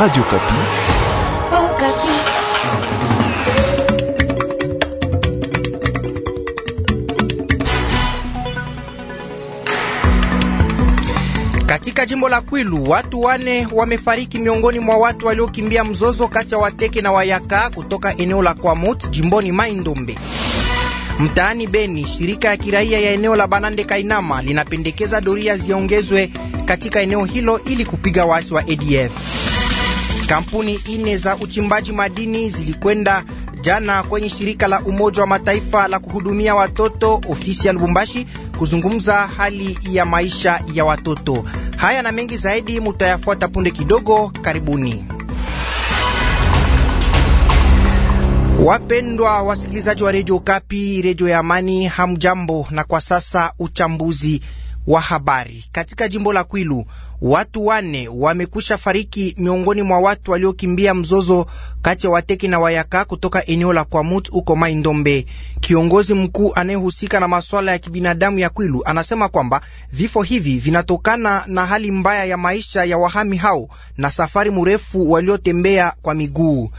Radio Kapi. Oh, Kapi. Katika jimbo la Kwilu watu wane wamefariki miongoni mwa watu waliokimbia mzozo kati ya Wateke na Wayaka kutoka eneo la Kwamut jimboni maindombe Mtaani Beni, shirika ya kiraia ya eneo la Banande Kainama linapendekeza doria ziongezwe katika eneo hilo ili kupiga waasi wa ADF. Kampuni ine za uchimbaji madini zilikwenda jana kwenye shirika la Umoja wa Mataifa la kuhudumia watoto ofisi ya Lubumbashi kuzungumza hali ya maisha ya watoto. Haya na mengi zaidi mutayafuata punde kidogo. Karibuni. Wapendwa wasikilizaji wa redio Kapi, redio ya Amani, hamjambo. Na kwa sasa uchambuzi wa habari katika jimbo la Kwilu watu wane wamekwisha fariki miongoni mwa watu waliokimbia mzozo kati ya Wateki na Wayaka kutoka eneo la Kwamut huko Mai Ndombe. Kiongozi mkuu anayehusika na masuala ya kibinadamu ya Kwilu anasema kwamba vifo hivi vinatokana na hali mbaya ya maisha ya wahami hao na safari mrefu waliotembea kwa miguu.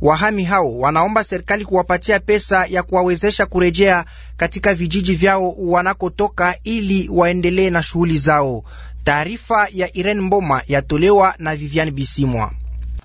Wahami hao wanaomba serikali kuwapatia pesa ya kuwawezesha kurejea katika vijiji vyao wanakotoka ili waendelee na shughuli zao. Taarifa ya Irene Mboma yatolewa na Vivian Bisimwa.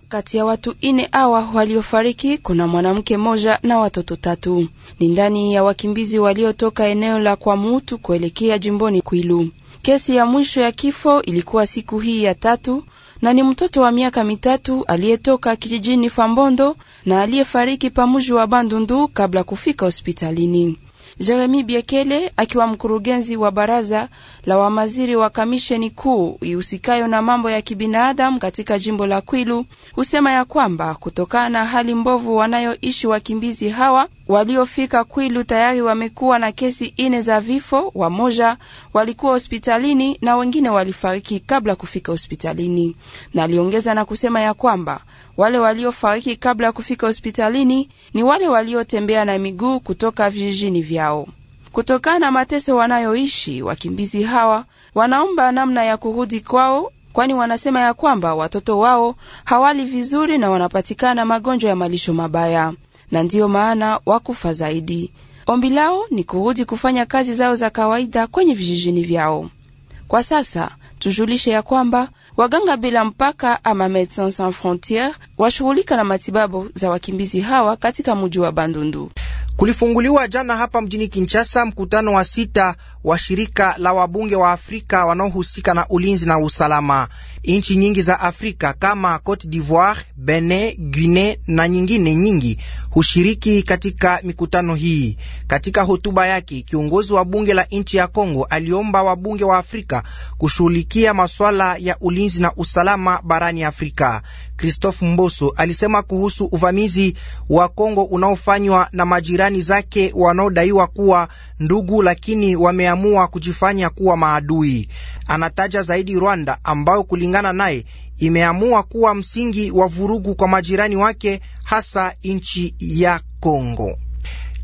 Kati ya watu ine awa waliofariki kuna mwanamke moja na watoto tatu. Ni ndani ya wakimbizi waliotoka eneo la kwa mutu kuelekea jimboni Kwilu. Kesi ya mwisho ya kifo ilikuwa siku hii ya tatu na ni mtoto wa miaka mitatu aliyetoka kijijini Fambondo na aliyefariki pamuji wa Bandundu kabla kufika hospitalini. Jeremi Biekele akiwa mkurugenzi wa baraza la wamaziri wa kamisheni kuu ihusikayo na mambo ya kibinadamu katika jimbo la Kwilu husema ya kwamba kutokana na hali mbovu wanayoishi wakimbizi hawa waliofika Kwilu tayari wamekuwa na kesi ine za vifo, wamoja walikuwa hospitalini na wengine walifariki kabla kufika hospitalini, na aliongeza na kusema ya kwamba wale waliofariki kabla ya kufika hospitalini ni wale waliotembea na miguu kutoka vijijini vyao. Kutokana na mateso wanayoishi, wakimbizi hawa wanaomba namna ya kurudi kwao, kwani wanasema ya kwamba watoto wao hawali vizuri na wanapatikana magonjwa ya malisho mabaya, na ndiyo maana wakufa zaidi. Ombi lao ni kurudi kufanya kazi zao za kawaida kwenye vijijini vyao. Kwa sasa tujulishe ya kwamba Waganga bila mpaka ama Medecins Sans Frontieres washughulika na matibabu za wakimbizi hawa katika mji wa Bandundu. Kulifunguliwa jana hapa mjini Kinshasa mkutano wa sita wa shirika la wabunge wa Afrika wanaohusika na ulinzi na usalama. Nchi nyingi za Afrika kama Cote d'Ivoire, Benin, Guinea na nyingine nyingi hushiriki katika mikutano hii. Katika hotuba yake, kiongozi wa bunge la nchi ya Kongo aliomba wabunge wa Afrika kushughulikia masuala ya ulinzi na usalama barani Afrika. Christophe Mboso alisema kuhusu uvamizi wa Kongo unaofanywa na majirani zake wanaodaiwa kuwa ndugu lakini wame wameamua kujifanya kuwa maadui. Anataja zaidi Rwanda ambayo kulingana naye imeamua kuwa msingi wa vurugu kwa majirani wake, hasa nchi ya Kongo.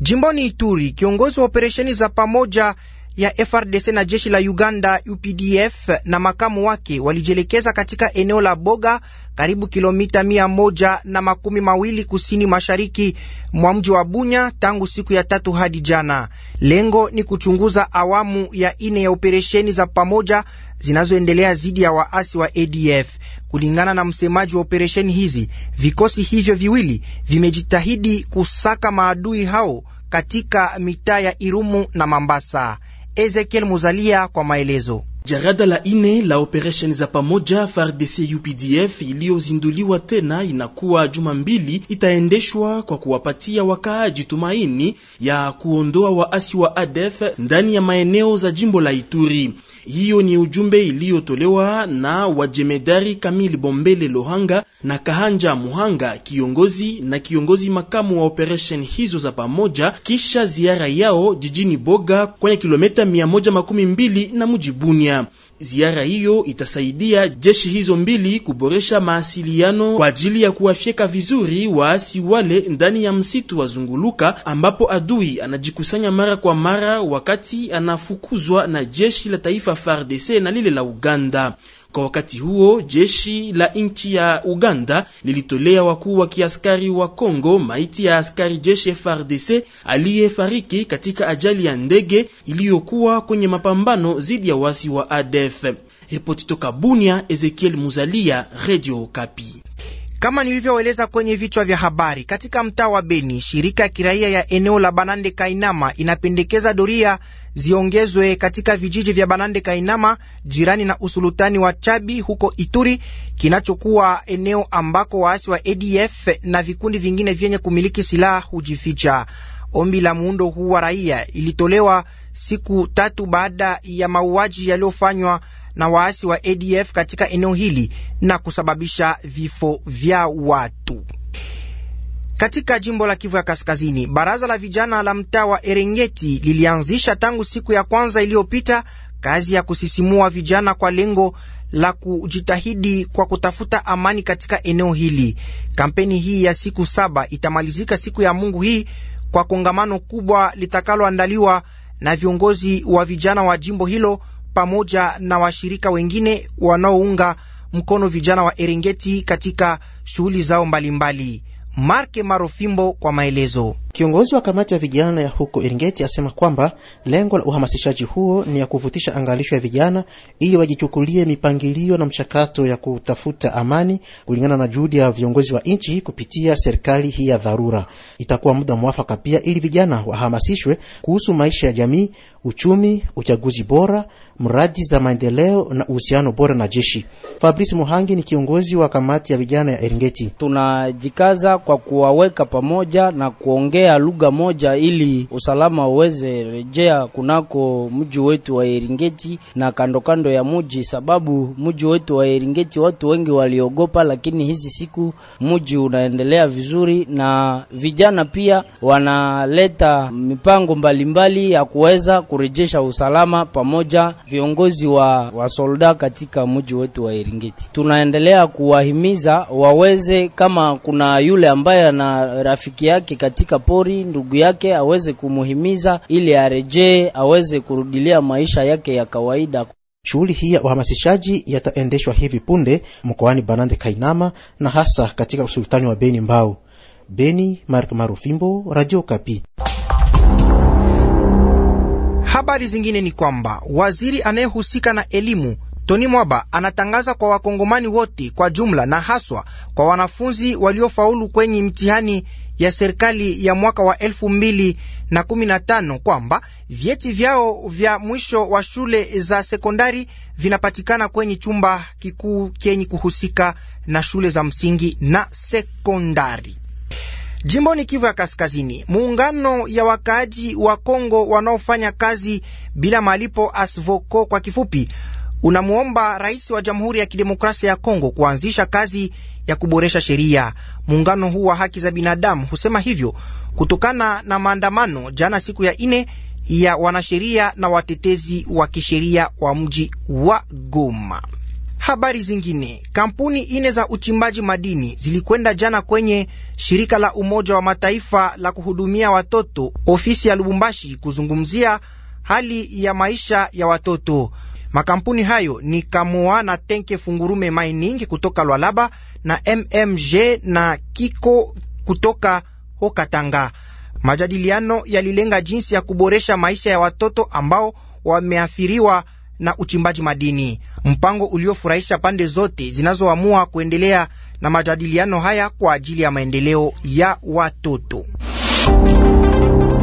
Jimboni Ituri, kiongozi wa operesheni za pamoja ya FRDC na jeshi la Uganda UPDF na makamu wake walijielekeza katika eneo la Boga karibu kilomita mia moja na makumi mawili kusini mashariki mwa mji wa Bunya tangu siku ya tatu hadi jana. Lengo ni kuchunguza awamu ya ine ya operesheni za pamoja zinazoendelea dhidi ya waasi wa ADF. Kulingana na msemaji wa operesheni hizi, vikosi hivyo viwili vimejitahidi kusaka maadui hao katika mitaa ya Irumu na Mambasa. Ezekiel Muzalia kwa maelezo. Jarada la ine la operation za pamoja FARDC UPDF iliyozinduliwa tena inakuwa juma mbili, itaendeshwa kwa kuwapatia wakaaji tumaini ya kuondoa waasi wa ADF ndani ya maeneo za jimbo la Ituri. Hiyo ni ujumbe iliyotolewa na wajemedari Kamili Bombele Lohanga na Kahanja Muhanga, kiongozi na kiongozi makamu wa operation hizo za pamoja, kisha ziara yao jijini Boga kwenye kilomita 112 na mji Bunia. Ziara hiyo itasaidia jeshi hizo mbili kuboresha maasiliano kwa ajili ya kuwafyeka vizuri waasi wale ndani ya msitu wa Zunguluka ambapo adui anajikusanya mara kwa mara wakati anafukuzwa na jeshi la taifa FARDC na lile la Uganda. Kwa wakati huo jeshi la nchi ya Uganda lilitolea wakuu wa kiaskari wa congo maiti ya askari jeshi FRDC aliyefariki katika ajali ya ndege iliyokuwa kwenye mapambano dhidi ya wasi wa ADF. Ripoti toka Bunia, Ezekiel Muzalia, Radio Kapi. Kama nilivyoeleza kwenye vichwa vya habari, katika mtaa wa Beni, shirika ya kiraia ya eneo la Banande Kainama inapendekeza doria ziongezwe katika vijiji vya Banande Kainama jirani na usulutani wa Chabi huko Ituri, kinachokuwa eneo ambako waasi wa ADF na vikundi vingine vyenye kumiliki silaha hujificha. Ombi la muundo huu wa raia ilitolewa siku tatu baada ya mauaji yaliyofanywa na waasi wa ADF katika eneo hili na kusababisha vifo vya watu. Katika jimbo la Kivu ya Kaskazini, baraza la vijana la mtaa wa Erengeti lilianzisha tangu siku ya kwanza iliyopita kazi ya kusisimua vijana kwa lengo la kujitahidi kwa kutafuta amani katika eneo hili. Kampeni hii ya siku saba itamalizika siku ya Mungu hii kwa kongamano kubwa litakaloandaliwa na viongozi wa vijana wa jimbo hilo pamoja na washirika wengine wanaounga mkono vijana wa Erengeti katika shughuli zao mbalimbali mbali. Marke Marofimbo kwa maelezo. Kiongozi wa kamati ya vijana ya huko Eringeti asema kwamba lengo la uhamasishaji huo ni ya kuvutisha angalisho ya vijana ili wajichukulie mipangilio na mchakato ya kutafuta amani kulingana na juhudi ya viongozi wa nchi kupitia serikali hii ya dharura. Itakuwa muda mwafaka pia ili vijana wahamasishwe kuhusu maisha ya jamii, uchumi, uchaguzi bora, mradi za maendeleo na uhusiano bora na jeshi. Fabrice Muhangi ni kiongozi wa kamati ya vijana ya Eringeti. Tunajikaza kwa kuwaweka pamoja na kuongea kuongea lugha moja ili usalama uweze rejea kunako mji wetu wa Eringeti na kando kando ya mji, sababu mji wetu wa Eringeti watu wengi waliogopa, lakini hizi siku mji unaendelea vizuri na vijana pia wanaleta mipango mbalimbali mbali ya kuweza kurejesha usalama pamoja viongozi wa wasolda katika mji wetu wa Eringeti. Tunaendelea kuwahimiza waweze, kama kuna yule ambaye ana rafiki yake katika po pori ndugu yake aweze kumuhimiza ili arejee aweze kurudilia maisha yake ya kawaida. Shughuli hii ya uhamasishaji yataendeshwa hivi punde mkoani Banande Kainama na hasa katika usultani wa Beni Mbau. Beni, Mark Marufimbo, Radio Kapi. Habari zingine ni kwamba waziri anayehusika na elimu Tony Mwaba anatangaza kwa wakongomani wote kwa jumla na haswa kwa wanafunzi waliofaulu kwenye mtihani ya serikali ya mwaka wa 2015 kwamba vyeti vyao vya mwisho wa shule za sekondari vinapatikana kwenye chumba kikuu kenye kuhusika na shule za msingi na sekondari. Jimboni Kivu ya Kaskazini, muungano ya wakaaji wa Kongo wanaofanya kazi bila malipo ASVOKO kwa kifupi unamwomba rais wa Jamhuri ya Kidemokrasia ya Kongo kuanzisha kazi ya kuboresha sheria. Muungano huu wa haki za binadamu husema hivyo kutokana na maandamano jana, siku ya ine ya wanasheria na watetezi wa kisheria wa mji wa Goma. Habari zingine, kampuni ine za uchimbaji madini zilikwenda jana kwenye shirika la Umoja wa Mataifa la kuhudumia watoto ofisi ya Lubumbashi kuzungumzia hali ya maisha ya watoto. Makampuni hayo ni Kamoa na Tenke Fungurume Mining kutoka Lwalaba na MMG na Kiko kutoka Hokatanga. Majadiliano yalilenga jinsi ya kuboresha maisha ya watoto ambao wameathiriwa na uchimbaji madini, mpango uliofurahisha pande zote zinazoamua kuendelea na majadiliano haya kwa ajili ya maendeleo ya watoto.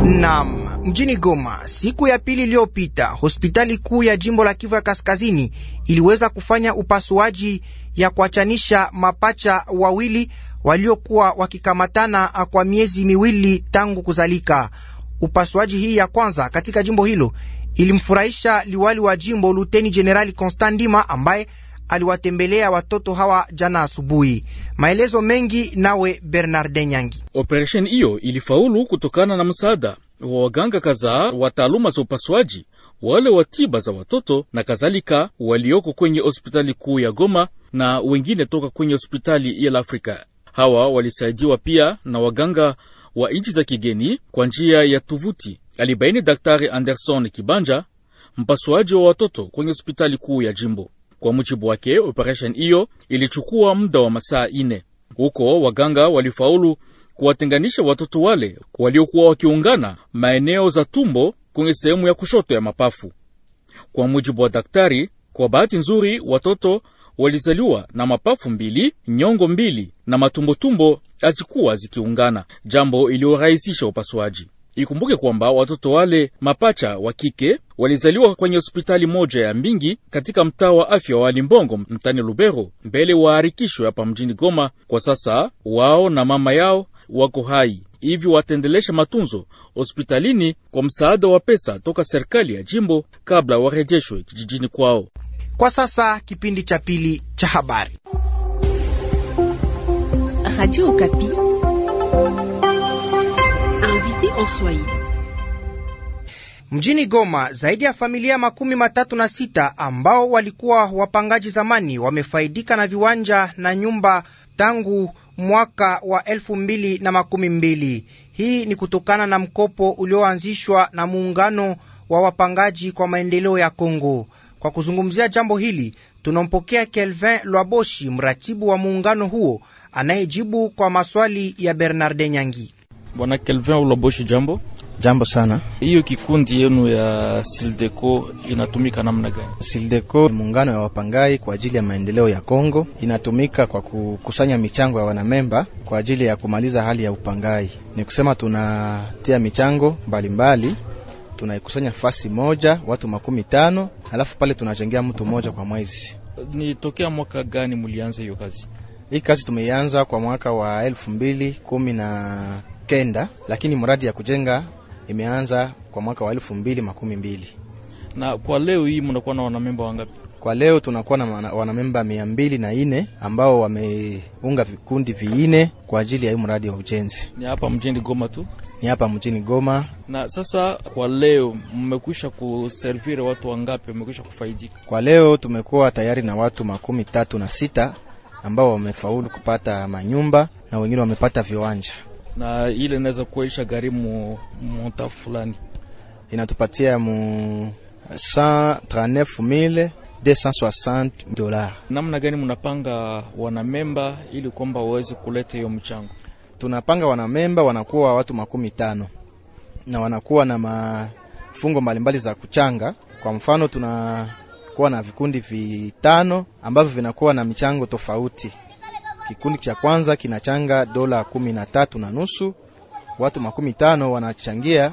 Naam mjini Goma siku ya pili iliyopita, hospitali kuu ya jimbo la Kivu ya Kaskazini iliweza kufanya upasuaji ya kuachanisha mapacha wawili waliokuwa wakikamatana kwa miezi miwili tangu kuzalika. Upasuaji hii ya kwanza katika jimbo hilo ilimfurahisha liwali wa jimbo Luteni Jenerali Constant Ndima ambaye aliwatembelea watoto hawa jana asubuhi. Maelezo mengi nawe Bernarde Nyangi. Operesheni hiyo ilifaulu kutokana na msaada wa waganga kadhaa wa taaluma za upasuaji, wale wa tiba za watoto na kadhalika, walioko kwenye hospitali kuu ya Goma na wengine toka kwenye hospitali ya Afrika. Hawa walisaidiwa pia na waganga wa nchi za kigeni kwa njia ya tuvuti, alibaini Daktari Anderson Kibanja, mpasuaji wa watoto kwenye hospitali kuu ya jimbo. Kwa mujibu wake, operesheni hiyo ilichukua muda wa masaa ine. Huko waganga walifaulu kuwatenganisha watoto wale waliokuwa wakiungana maeneo za tumbo kwenye sehemu ya kushoto ya mapafu. Kwa mujibu wa daktari, kwa bahati nzuri watoto walizaliwa na mapafu mbili, nyongo mbili na matumbotumbo hazikuwa zikiungana, jambo iliyorahisisha upasuaji. Ikumbuke kwamba watoto wale mapacha wa kike walizaliwa kwenye hospitali moja ya Mbingi katika mtaa wa afya wa Limbongo mtani Lubero, mbele waharikishwe hapa mjini Goma. Kwa sasa wao na mama yao wako hai, hivyo wataendelesha matunzo hospitalini kwa msaada wa pesa toka serikali ya jimbo kabla warejeshwe kijijini kwao. Kwa sasa kipindi cha pili cha habari Radio Swahili. Mjini Goma, zaidi ya familia makumi matatu na sita ambao walikuwa wapangaji zamani wamefaidika na viwanja na nyumba tangu mwaka wa elfu mbili na makumi mbili. Hii ni kutokana na mkopo ulioanzishwa na muungano wa wapangaji kwa maendeleo ya Kongo. Kwa kuzungumzia jambo hili tunampokea Kelvin Lwaboshi, mratibu wa muungano huo, anayejibu kwa maswali ya Bernarde Nyangi. Bwana Kelvin Ulaboshi, jambo. Jambo sana. Hiyo kikundi yenu ya Sildeco inatumika namna gani? Sildeco ni muungano ya wapangai kwa ajili ya maendeleo ya Kongo, inatumika kwa kukusanya michango ya wanamemba kwa ajili ya kumaliza hali ya upangai. Ni kusema tunatia michango mbalimbali, tunaikusanya fasi moja, watu makumi tano, alafu pale tunachangia mtu mmoja kwa mwezi. Ni tokea mwaka gani mulianza hiyo kazi? Hii kazi tumeianza kwa mwaka wa elfu mbili kumi na kenda, lakini mradi ya kujenga imeanza kwa mwaka wa elfu mbili makumi mbili. Na kwa leo hii mnakuwa na wanamemba wangapi? Kwa leo tunakuwa na wanamemba mia mbili na ine ambao wameunga vikundi viine kwa ajili ya hii mradi wa ujenzi. Ni hapa mjini Goma tu? Ni hapa mjini Goma. Na sasa kwa leo mmekwisha kuservire watu wangapi? Mmekwisha kufaidika? Kwa leo tumekuwa tayari na watu makumi tatu na sita ambao wamefaulu kupata manyumba na wengine wamepata viwanja na ile inaweza kuisha gharimu monta fulani, inatupatia mu 139260 dola. Namna gani mnapanga wanamemba ili kwamba waweze kuleta hiyo mchango? Tunapanga wanamemba wanakuwa watu makumi tano na wanakuwa na mafungo mbalimbali za kuchanga. Kwa mfano tunakuwa na vikundi vitano ambavyo vinakuwa na michango tofauti Kikundi cha kwanza kinachanga dola kumi na tatu na nusu, watu makumi tano wanachangia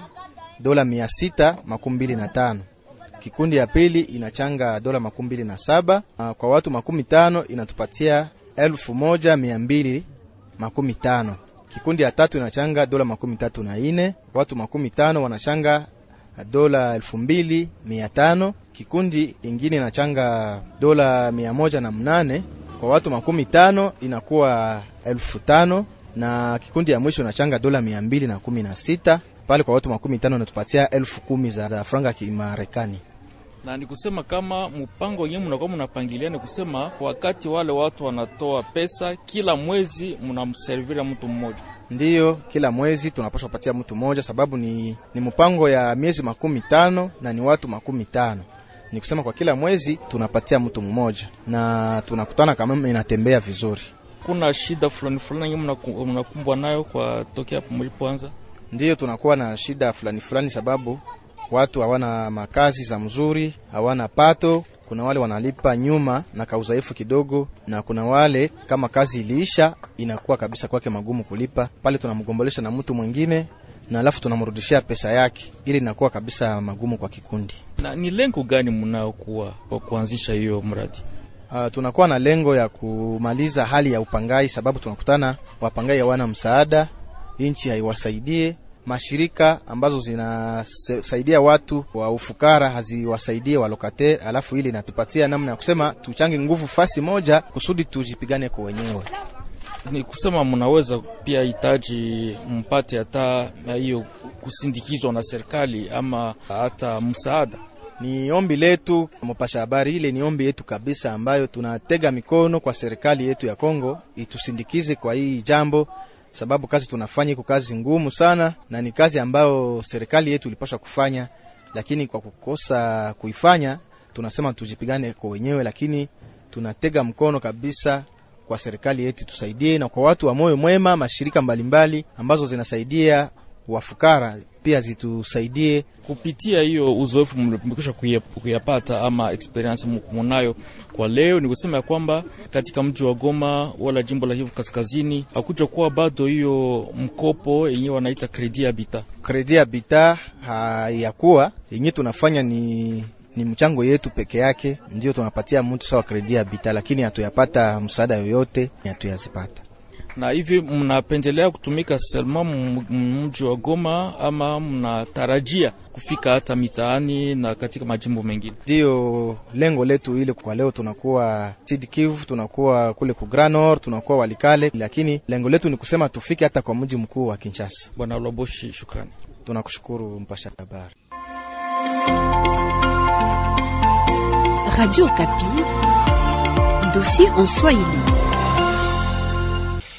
dola mia sita makumi mbili na tano. Kikundi ya pili inachanga dola makumi mbili na saba kwa watu makumi tano inatupatia elfu moja mia mbili makumi tano. Kikundi ya tatu inachanga dola makumi tatu na ine, watu makumi tano wanachanga dola elfu mbili mia tano. Kikundi ingine inachanga dola mia moja na mnane kwa watu makumi tano inakuwa elfu tano na kikundi ya mwisho unachanga dola mia mbili na kumi na sita pale kwa watu makumi tano natupatia elfu kumi za, za franga ya Kimarekani na ni kusema kama mpango wenyewe mnakuwa mnapangilia, ni kusema wakati wale watu wanatoa pesa kila mwezi mnamservira mtu mmoja, ndiyo kila mwezi tunapaswa kupatia mtu mmoja, sababu ni, ni mpango ya miezi makumi tano na ni watu makumi tano ni kusema kwa kila mwezi tunapatia mtu mmoja na tunakutana kama inatembea vizuri. Kuna shida fulani fulani mnakumbwa nayo kwa tokea hapo mlipoanza? Ndiyo, tunakuwa na shida fulani fulani sababu watu hawana makazi za mzuri, hawana pato. Kuna wale wanalipa nyuma na kauzaifu kidogo, na kuna wale kama kazi iliisha, inakuwa kabisa kwake magumu kulipa pale. Tunamgombolesha na mtu mwingine na alafu tunamrudishia pesa yake, ili inakuwa kabisa magumu kwa kikundi. Na ni lengo gani mnaokuwa kwa kuanzisha hiyo mradi? Uh, tunakuwa na lengo ya kumaliza hali ya upangai, sababu tunakutana wapangai hawana msaada, nchi haiwasaidie mashirika ambazo zinasaidia watu wa ufukara haziwasaidie walokate, alafu ili inatupatia namna ya kusema tuchange nguvu fasi moja kusudi tujipigane kwa wenyewe. Ni kusema mnaweza pia hitaji mpate hata hiyo kusindikizwa na serikali ama hata msaada. Ni ombi letu mpasha habari, ile ni ombi yetu kabisa, ambayo tunatega mikono kwa serikali yetu ya Kongo itusindikize kwa hii jambo, sababu kazi tunafanya iko kazi ngumu sana, na ni kazi ambayo serikali yetu ilipaswa kufanya, lakini kwa kukosa kuifanya tunasema tujipigane kwa wenyewe, lakini tunatega mkono kabisa kwa serikali yetu tusaidie, na kwa watu wa moyo mwema, mashirika mbalimbali ambazo zinasaidia wafukara pia zitusaidie kupitia hiyo uzoefu mlikwisha kuyapata ama experience mkumunayo kwa leo. Ni kusema ya kwamba katika mji wa Goma wala jimbo la Kivu Kaskazini hakuja kuwa bado hiyo mkopo yenye wanaita kredi ya bita, kredi ya bita hayakuwa yenye tunafanya ni ni mchango yetu peke yake ndio tunapatia mtu sawa kredi ya bita, lakini hatuyapata msaada yoyote, hatuyazipata. Na hivi mnapendelea kutumika selma mji wa Goma ama mnatarajia kufika hata mitaani na katika majimbo mengine? Ndiyo lengo letu ile kwa leo, tunakuwa Sud Kivu, tunakuwa kule ku Grand Nord, tunakuwa Walikale, lakini lengo letu ni kusema tufike hata kwa mji mkuu wa Kinshasa. Bwana Loboshi, shukrani, tunakushukuru mpasha habari Radio Kapi, dossier en Swahili,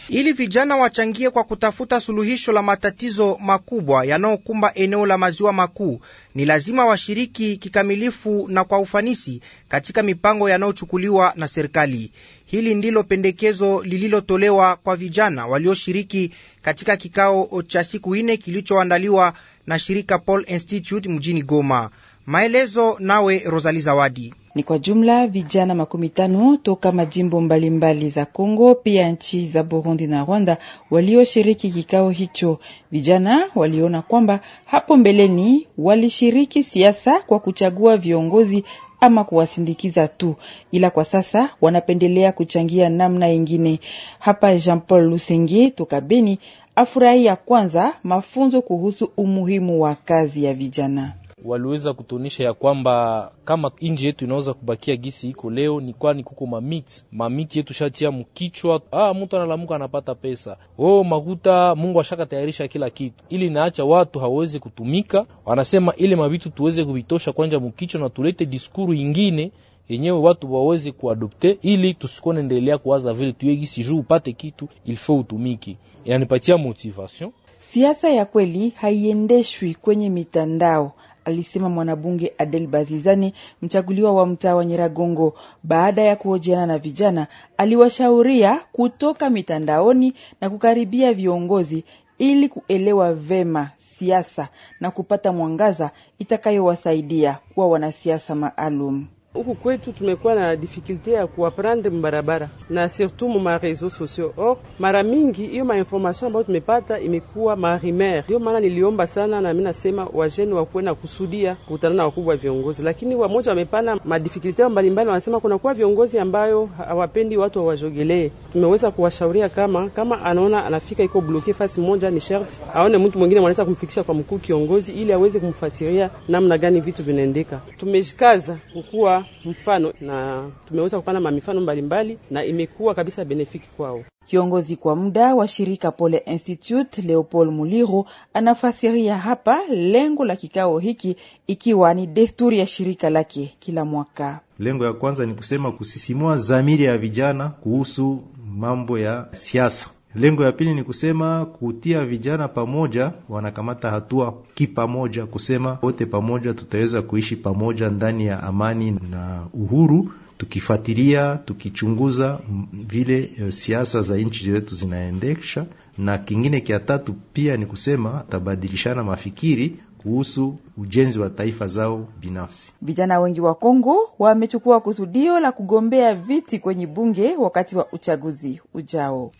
ili vijana wachangie kwa kutafuta suluhisho la matatizo makubwa yanayokumba eneo la maziwa makuu, ni lazima washiriki kikamilifu na kwa ufanisi katika mipango yanayochukuliwa na serikali. Hili ndilo pendekezo lililotolewa kwa vijana walioshiriki katika kikao cha siku nne kilichoandaliwa na shirika Paul Institute mjini Goma. Maelezo nawe Rosali Zawadi. Ni kwa jumla vijana makumi tano toka majimbo mbalimbali mbali za Kongo pia nchi za Burundi na Rwanda walioshiriki kikao hicho. Vijana waliona kwamba hapo mbeleni walishiriki siasa kwa kuchagua viongozi ama kuwasindikiza tu, ila kwa sasa wanapendelea kuchangia namna ingine. Hapa Jean Paul Lusenge toka Beni afurahi ya kwanza mafunzo kuhusu umuhimu wa kazi ya vijana waliweza kutuonesha ya kwamba kama inji yetu inaweza kubakia gisi iko leo, ni kwani kuko mamiti mamiti yetu shatia mkichwa. Ah, mtu analamuka anapata pesa oh, makuta Mungu ashaka tayarisha kila kitu, ili naacha watu hawezi kutumika. Wanasema ile mabitu tuweze kuvitosha kwanja mkichwa na tulete diskuru ingine yenyewe watu waweze kuadopte ili tusikone endelea kuwaza vile tuye gisi juu upate kitu ilfo utumiki. Inanipatia motivation. Siasa ya kweli haiendeshwi kwenye mitandao alisema mwanabunge Adel Bazizani, mchaguliwa wa mtaa wa Nyiragongo. Baada ya kuhojiana na vijana, aliwashauria kutoka mitandaoni na kukaribia viongozi ili kuelewa vema siasa na kupata mwangaza itakayowasaidia kuwa wanasiasa maalum. Huku kwetu tumekuwa na difficulty ya kuwaprendre mbarabara na surtout mu mareseau sociaux. Or mara mingi hiyo mainformation ambayo tumepata imekuwa marimer, Ndio maana niliomba sana, nami nasema wajeni wakuwe na kusudia kukutana na wakubwa viongozi, lakini wamoja wamepana madifficulty yao mbalimbali, wanasema kuna kuwa viongozi ambayo hawapendi watu wawajogelee. Tumeweza kuwashauria kama kama anaona anafika iko bloke fasi moja, ni sharti aone mtu mwingine mwanaweza kumfikisha kwa mkuu kiongozi, ili aweze kumfasiria namna gani vitu vinaendeka. Tumejikaza kukuwa mfano na tumeweza kupana mamifano mbalimbali na imekuwa kabisa benefiki kwao. Kiongozi kwa muda wa shirika Pole Institute Leopold Muliro anafasiria hapa lengo la kikao hiki, ikiwa ni desturi ya shirika lake kila mwaka. Lengo ya kwanza ni kusema kusisimua dhamiri ya vijana kuhusu mambo ya siasa Lengo ya pili ni kusema kutia vijana pamoja, wanakamata hatua kipamoja, kusema wote pamoja tutaweza kuishi pamoja ndani ya amani na uhuru, tukifuatilia tukichunguza vile eh, siasa za nchi zetu zinaendesha. Na kingine kia tatu pia ni kusema tabadilishana mafikiri kuhusu ujenzi wa taifa zao binafsi. Vijana wengi wa Kongo wamechukua kusudio la kugombea viti kwenye bunge wakati wa uchaguzi ujao.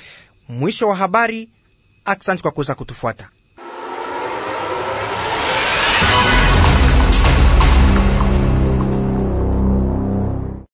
Mwisho wa habari. Aksanti kwa kuweza kutufuata.